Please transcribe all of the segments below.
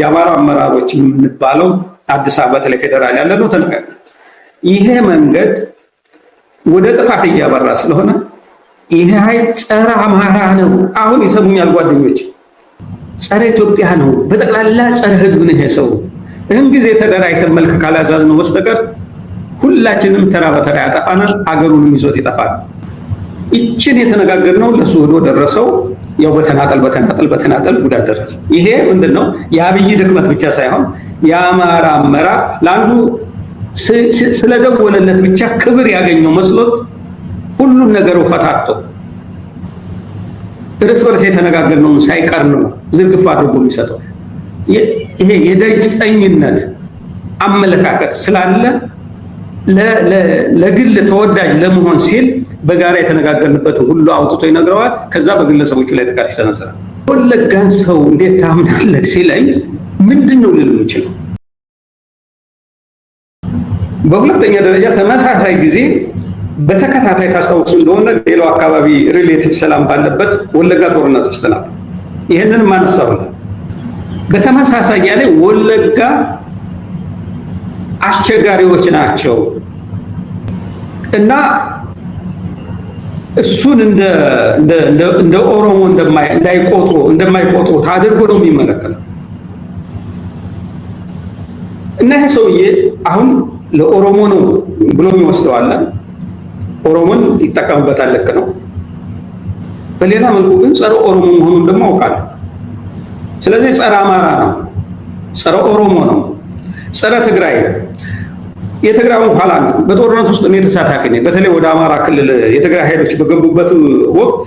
የአማራ አመራሮች የምንባለው አዲስ አበባ ተለይ ፌደራል ያለ ነው ይሄ መንገድ ወደ ጥፋት እያበራ ስለሆነ ይሄ ኃይል ጸረ አማራ ነው። አሁን ይሰሙኛል ጓደኞች፣ ጸረ ኢትዮጵያ ነው፣ በጠቅላላ ጸረ ህዝብ ነው ይሄ ሰው። ይህን ጊዜ ተደራጅተን መልክ ካላዛዝ ነው በስተቀር ሁላችንም ተራ በተራ ያጠፋናል፣ አገሩንም ይዞት ይጠፋል። ይችን የተነጋገርነው ለሱ ሆዶ ደረሰው። ያው በተናጠል በተናጠል በተናጠል ጉዳት ደረሰ። ይሄ ምንድን ነው የአብይ ድክመት ብቻ ሳይሆን የአማራ አመራር ለአንዱ ስለደወለለት ብቻ ክብር ያገኘው መስሎት ሁሉን ነገሩ ፈታቶ እርስ በርስ የተነጋገርነውን ሳይቀር ነው ዝርግፍ አድርጎ የሚሰጠው። ይሄ የደጅ ጠኝነት አመለካከት ስላለ ለግል ተወዳጅ ለመሆን ሲል በጋራ የተነጋገርንበትን ሁሉ አውጥቶ ይነግረዋል። ከዛ በግለሰቦቹ ላይ ጥቃት ይሰነዝራል። ወለጋን ሰው እንዴት ታምናለህ ሲለኝ ምንድን ነው ልል የምችለው? በሁለተኛ ደረጃ ተመሳሳይ ጊዜ በተከታታይ ታስታውሱ እንደሆነ ሌላው አካባቢ ሪሌቲቭ ሰላም ባለበት ወለጋ ጦርነት ውስጥ ነበር። ይህንን ማነሳው በተመሳሳይ ያለ ወለጋ አስቸጋሪዎች ናቸው እና እሱን እንደ እንደ ኦሮሞ እንዳይቆጥሩ እንደማይቆጥሩ ታድርጎ ነው የሚመለከተው። እና ይሄ ሰውዬ አሁን ለኦሮሞ ነው ብሎ የሚወስደው አለ። ኦሮሞን ይጠቀምበታል፣ ልክ ነው። በሌላ መልኩ ግን ጸረ ኦሮሞ መሆኑን ደግሞ አውቃለሁ። ስለዚህ ጸረ አማራ ነው፣ ጸረ ኦሮሞ ነው፣ ጸረ ትግራይ የትግራዩን ኋላ በጦርነት ውስጥ እኔ ተሳታፊ ነኝ። በተለይ ወደ አማራ ክልል የትግራይ ኃይሎች በገቡበት ወቅት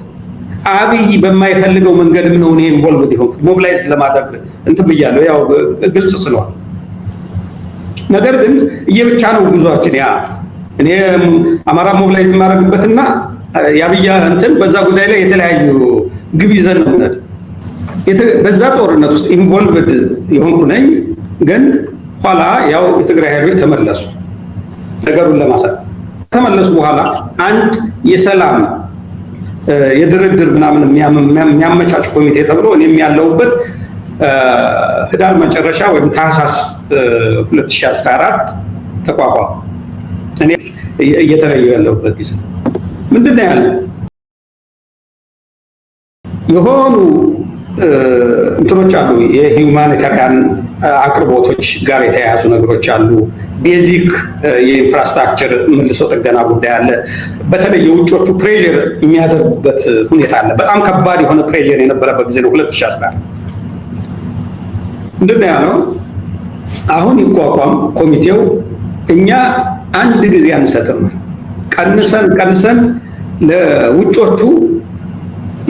አብይ በማይፈልገው መንገድ ነው እኔ ኢንቮልቭ የሆንኩት ሞቢላይዝ ለማድረግ እንትን ብያለሁ። ያው ግልጽ ስለዋል። ነገር ግን እየብቻ ነው ጉዟችን። ያ እኔ አማራ ሞቢላይዝ የማደርግበትና የአብይ እንትን በዛ ጉዳይ ላይ የተለያዩ ግብ ይዘን ነው። በዛ ጦርነት ውስጥ ኢንቮልቭድ የሆንኩ ነኝ ግን ኋላ ያው የትግራይ ኃይሎች ተመለሱ። ነገሩን ለማሳት ከተመለሱ በኋላ አንድ የሰላም የድርድር ምናምን የሚያመቻች ኮሚቴ ተብሎ እኔም ያለሁበት ህዳር መጨረሻ ወይም ታህሳስ 2014 ተቋቋመ። እኔ እየተለየ ያለሁበት ጊዜ ምንድን ነው ያለው የሆኑ እንትኖች አሉ የሂውማኒታሪያን አቅርቦቶች ጋር የተያያዙ ነገሮች አሉ። ቤዚክ የኢንፍራስትራክቸር መልሶ ጥገና ጉዳይ አለ። በተለይ የውጮቹ ፕሬር የሚያደርጉበት ሁኔታ አለ። በጣም ከባድ የሆነ ፕሬር የነበረበት ጊዜ ነው። ሁለት ሺህ አስራ ምንድን ያለው አሁን ይቋቋም ኮሚቴው እኛ አንድ ጊዜ አንሰጥም፣ ቀንሰን ቀንሰን ለውጮቹ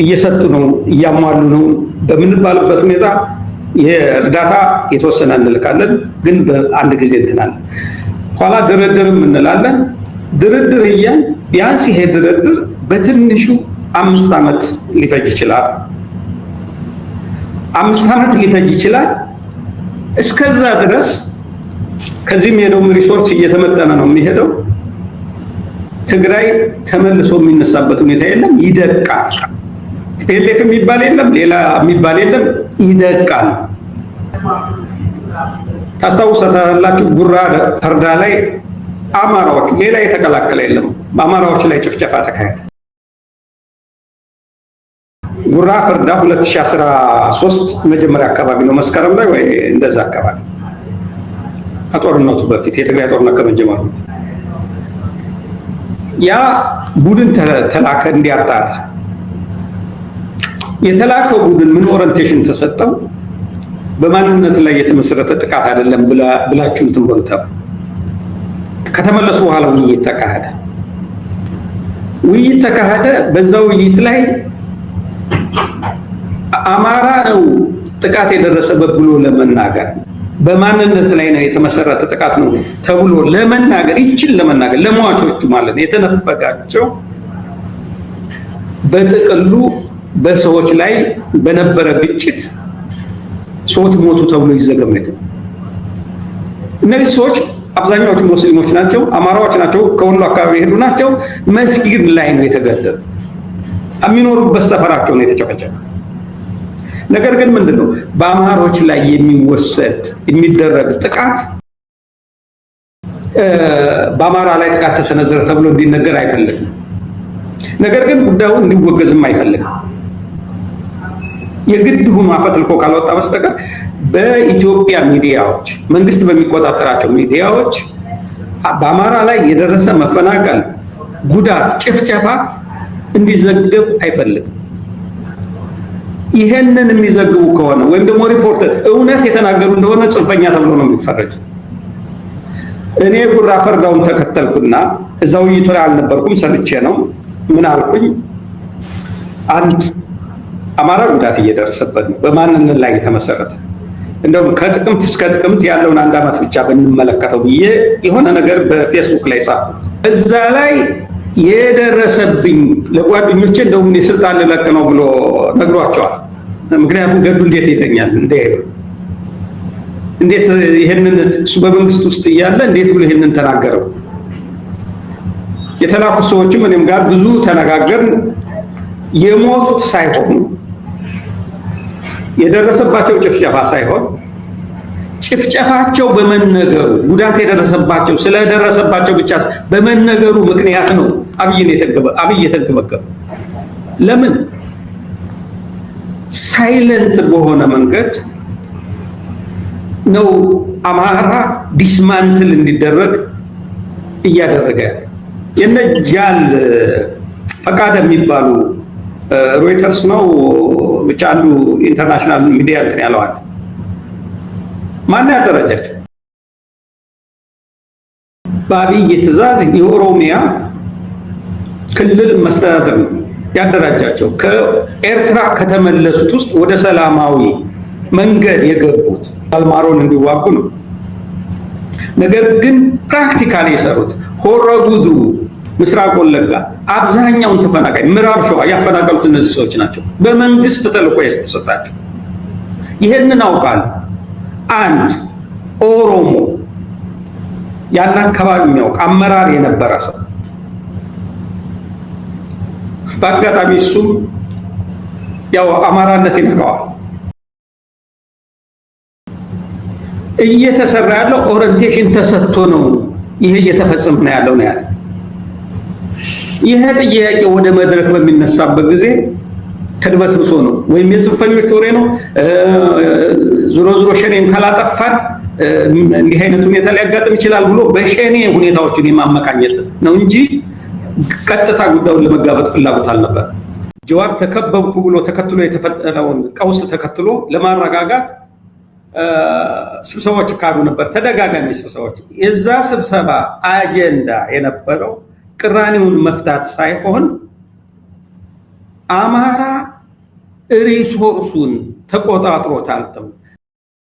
እየሰጡ ነው እያሟሉ ነው በምንባልበት ሁኔታ የእርዳታ የተወሰነ እንልካለን፣ ግን በአንድ ጊዜ እንትናለን። ኋላ ድርድርም እንላለን። ድርድር እያን ቢያንስ ይሄ ድርድር በትንሹ አምስት ዓመት ሊፈጅ ይችላል። አምስት ዓመት ሊፈጅ ይችላል። እስከዛ ድረስ ከዚህም የሄደውም ሪሶርስ እየተመጠነ ነው የሚሄደው። ትግራይ ተመልሶ የሚነሳበት ሁኔታ የለም፣ ይደቃል። ቴሌፍ የሚባል የለም፣ ሌላ የሚባል የለም። ይደቃል። ታስታውሳላችሁ፣ ጉራ ፈርዳ ላይ አማራዎች ሌላ የተቀላቀለ የለም። በአማራዎች ላይ ጭፍጨፋ ተካሄደ። ጉራ ፈርዳ 2013 መጀመሪያ አካባቢ ነው መስከረም ላይ ወይ እንደዛ አካባቢ ከጦርነቱ በፊት የትግራይ ጦርነት ከመጀመሩ ያ ቡድን ተላከ እንዲያጣራ የተላከው ቡድን ምን ኦሪንቴሽን ተሰጠው? በማንነት ላይ የተመሰረተ ጥቃት አይደለም ብላችሁ እንትን በሉ ተባለ። ከተመለሱ በኋላ ውይይት ተካሄደ። ውይይት ተካሄደ። በዛ ውይይት ላይ አማራ ነው ጥቃት የደረሰበት ብሎ ለመናገር በማንነት ላይ ነው የተመሰረተ ጥቃት ነው ተብሎ ለመናገር ይችን ለመናገር ለሟቾቹ ማለት ነው የተነፈጋቸው በጥቅሉ በሰዎች ላይ በነበረ ግጭት ሰዎች ሞቱ ተብሎ ይዘገብ ነበር። እነዚህ ሰዎች አብዛኛዎቹ ሙስሊሞች ናቸው፣ አማራዎች ናቸው፣ ከወሎ አካባቢ የሄዱ ናቸው። መስጊድ ላይ ነው የተገደሉ። የሚኖሩበት ሰፈራቸው ነው የተጨፈጨፈ። ነገር ግን ምንድን ነው በአማሮች ላይ የሚወሰድ የሚደረግ ጥቃት በአማራ ላይ ጥቃት ተሰነዘረ ተብሎ እንዲነገር አይፈልግም። ነገር ግን ጉዳዩ እንዲወገዝም አይፈልግም። የግድ ሁኖ አፈትልኮ ካልወጣ በስተቀር በኢትዮጵያ ሚዲያዎች መንግስት በሚቆጣጠራቸው ሚዲያዎች በአማራ ላይ የደረሰ መፈናቀል፣ ጉዳት፣ ጭፍጨፋ እንዲዘገብ አይፈልግም። ይሄንን የሚዘግቡ ከሆነ ወይም ደግሞ ሪፖርት እውነት የተናገሩ እንደሆነ ጽንፈኛ ተብሎ ነው የሚፈረጅ። እኔ ጉራ ፈርዳውን ተከተልኩና እዛ ውይይቱ ላይ አልነበርኩም፣ ሰምቼ ነው ምን አልኩኝ አንድ አማራ ጉዳት እየደረሰበት ነው። በማንነት ላይ የተመሰረተ እንደውም ከጥቅምት እስከ ጥቅምት ያለውን አንድ ዓመት ብቻ ብንመለከተው ብዬ የሆነ ነገር በፌስቡክ ላይ ጻፍኩት። እዛ ላይ የደረሰብኝ ለጓደኞቼ እንደውም ስልጣን ልለቅ ነው ብሎ ነግሯቸዋል። ምክንያቱም ገዱ እንዴት ይተኛል እንደ እንዴት ይሄንን እሱ በመንግስት ውስጥ እያለ እንዴት ብሎ ይሄንን ተናገረው። የተላኩ ሰዎችም እኔም ጋር ብዙ ተነጋገርን። የሞቱት ሳይሆኑ የደረሰባቸው ጭፍጨፋ ሳይሆን ጭፍጨፋቸው በመነገሩ ጉዳት የደረሰባቸው ስለደረሰባቸው ብቻ በመነገሩ ምክንያት ነው አብይ የተንከባከበ። ለምን ሳይለንት በሆነ መንገድ ነው አማራ ዲስማንትል እንዲደረግ እያደረገ ያለ። የነ ፈቃድ የሚባሉ ሮይተርስ ነው ብቻ አንዱ ኢንተርናሽናል ሚዲያ እንትን ያለዋል። ማን ያደራጃቸው? በአብይ ትዕዛዝ የኦሮሚያ ክልል መስተዳደር ነው ያደራጃቸው። ከኤርትራ ከተመለሱት ውስጥ ወደ ሰላማዊ መንገድ የገቡት አልማሮን እንዲዋጉ ነው። ነገር ግን ፕራክቲካሊ የሰሩት ሆረጉዱ ምስራቅ ወለጋ አብዛኛውን ተፈናቃይ ምዕራብ ሸዋ ያፈናቀሉት እነዚህ ሰዎች ናቸው። በመንግስት ተልእኮ የተሰጣቸው ይህንን አውቃል። አንድ ኦሮሞ ያን አካባቢ የሚያውቅ አመራር የነበረ ሰው በአጋጣሚ እሱ ያው አማራነት ይነካዋል። እየተሰራ ያለው ኦሪንቴሽን ተሰጥቶ ነው ይሄ እየተፈጸመ ነው ያለው ነው ያለው ይሄ ጥያቄ ወደ መድረክ በሚነሳበት ጊዜ ተድበስብሶ ነው ወይም የጽንፈኞች ወሬ ነው። ዞሮ ዞሮ ሸኔም ካላጠፋን እንዲህ አይነት ሁኔታ ሊያጋጥም ይችላል ብሎ በሸኔ ሁኔታዎችን የማመቃኘት ነው እንጂ ቀጥታ ጉዳዩን ለመጋፈጥ ፍላጎት አልነበር። ጀዋር ተከበብኩ ብሎ ተከትሎ የተፈጠረውን ቀውስ ተከትሎ ለማረጋጋት ስብሰባዎች ካሉ ነበር፣ ተደጋጋሚ ስብሰባዎች። የዛ ስብሰባ አጀንዳ የነበረው ቅራኔውን መፍታት ሳይሆን አማራ ሪሶርሱን ተቆጣጥሮታል ተብሎ